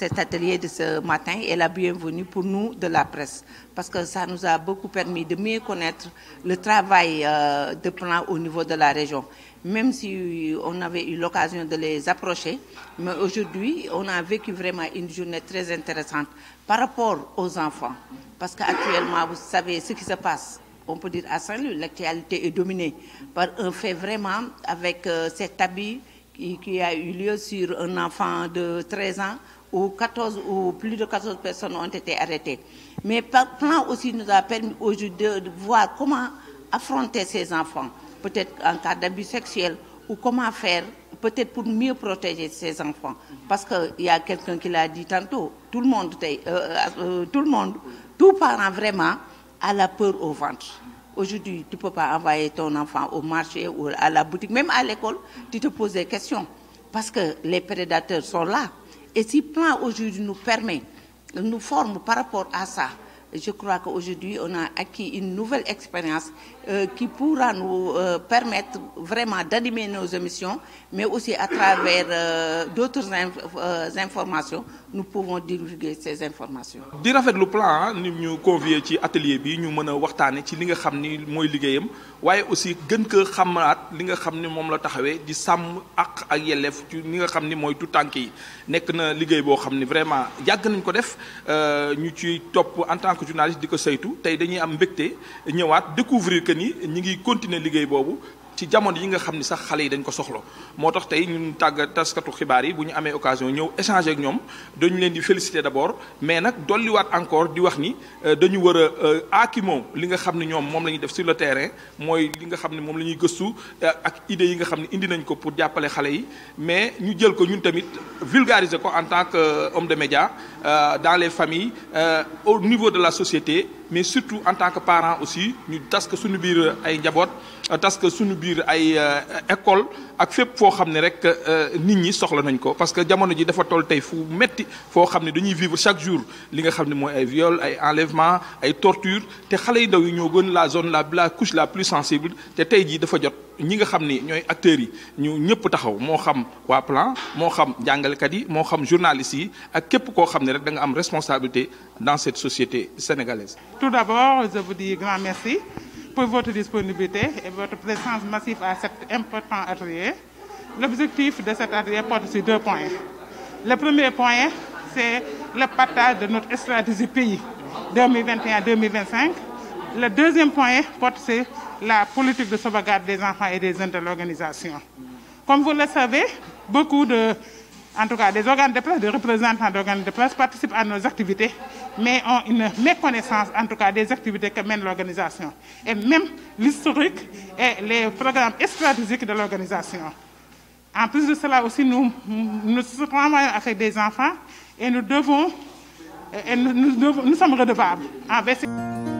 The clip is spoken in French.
cet atelier de ce matin est la bienvenue pour nous de la presse, parce que ça nous a beaucoup permis de mieux connaître le travail euh, de plan au niveau de la région. Même si on avait eu l'occasion de les approcher, mais aujourd'hui, on a vécu vraiment une journée très intéressante par rapport aux enfants, parce qu'actuellement, vous savez ce qui se passe on peut dire à Saint-Louis, l'actualité est dominée par un fait vraiment avec euh, cet habit qui, a eu lieu sur un enfant de 13 ans où, 14, plus de 14 personnes ont été arrêtées. Mais plan aussi nous a permis aujourd'hui de voir comment affronter ces enfants, peut-être en cas d'abus sexuel, ou comment faire peut-être pour mieux protéger ces enfants. Parce qu'il y a quelqu'un qui l'a dit tantôt, tout le monde, euh, euh, euh, tout le monde, tout parent vraiment a la peur au ventre. Aujourd'hui, tu ne peux pas envoyer ton enfant au marché ou à la boutique, même à l'école, tu te poses des questions. Parce que les prédateurs sont là. Et si plan aujourd'hui nous permet, nous forme par rapport à ça, je crois qu'aujourd'hui, on a acquis une nouvelle expérience euh, qui pourra nous euh, permettre vraiment d'animer nos émissions, mais aussi à travers euh, d'autres euh, informations, nous pouvons divulguer ces informations. di le plan nous hein, ñu convier ci atelier bi ñu de ce que ci li nga ce que mooy liggéeyam mais aussi de ce que li nga de ce que la taxawee di ce ak ak yelleef ci ce nga xam ni tout tànk yi na liggéey boo xam vraiment yàgg nañ ko def ñu ci top en tant que journaliste diko ko saytu tey dañuy am mbégte ñëwaat découvrir que ni ñi ngi continuer liguey bobu ci jamono yi nga xamni sax xalé yi dañ ko soxlo motax tay ñun tag taskatu xibaar yi bu ñu amee occasion ñëw échanger ak ñom dañu leen di féliciter d'abord mais doli wat encore di wax ni euh, dañu wëra a euh, li nga xamni ñom mom moom def sur le terrain moy li nga xamni mom lañuy la euh, ak idée yi nga xamni indi nañ ko pour jappalé xalé yi mais ñu jël ko ñun tamit vulgariser ko en tant que homme de média dans les familles au niveau de la société mais surtout en tant que parent aussi ñu tas ko suñu biir ay njabot tas ko suñu biir biir ay euh, école ak fépp foo xam ne rek euh, nit ñi soxla nañ ko parce que jamono ji dafa toll tey fu metti foo xam ne dañuy vivre chaque jour li nga xam ne mooy ay viol ay enlèvement ay torture te xale yi ndaw yi ñoo gën la zone la la couche la plus sensible te tey ji dafa jot ñi nga xam ni ñooy acteurs yi ñu ñëpp taxaw moo xam waa plan moo xam jàngalekat yi moo xam journalistes yi ak képp koo xam ne rek da nga am responsabilité dans cette société sénégalaise. Tout d'abord, je vous dis grand merci votre disponibilité et votre présence massive à cet important atelier. L'objectif de cet atelier porte sur deux points. Le premier point, c'est le partage de notre stratégie pays 2021-2025. Le deuxième point porte sur la politique de sauvegarde des enfants et des jeunes de l'organisation. Comme vous le savez, beaucoup de en tout cas des organes de des représentants d'organes de presse participent à nos activités, mais ont une méconnaissance en tout cas des activités que mène l'organisation, et même l'historique et les programmes stratégiques de l'organisation. En plus de cela aussi, nous, nous avec des enfants et nous devons, nous, sommes redevables ah, ben,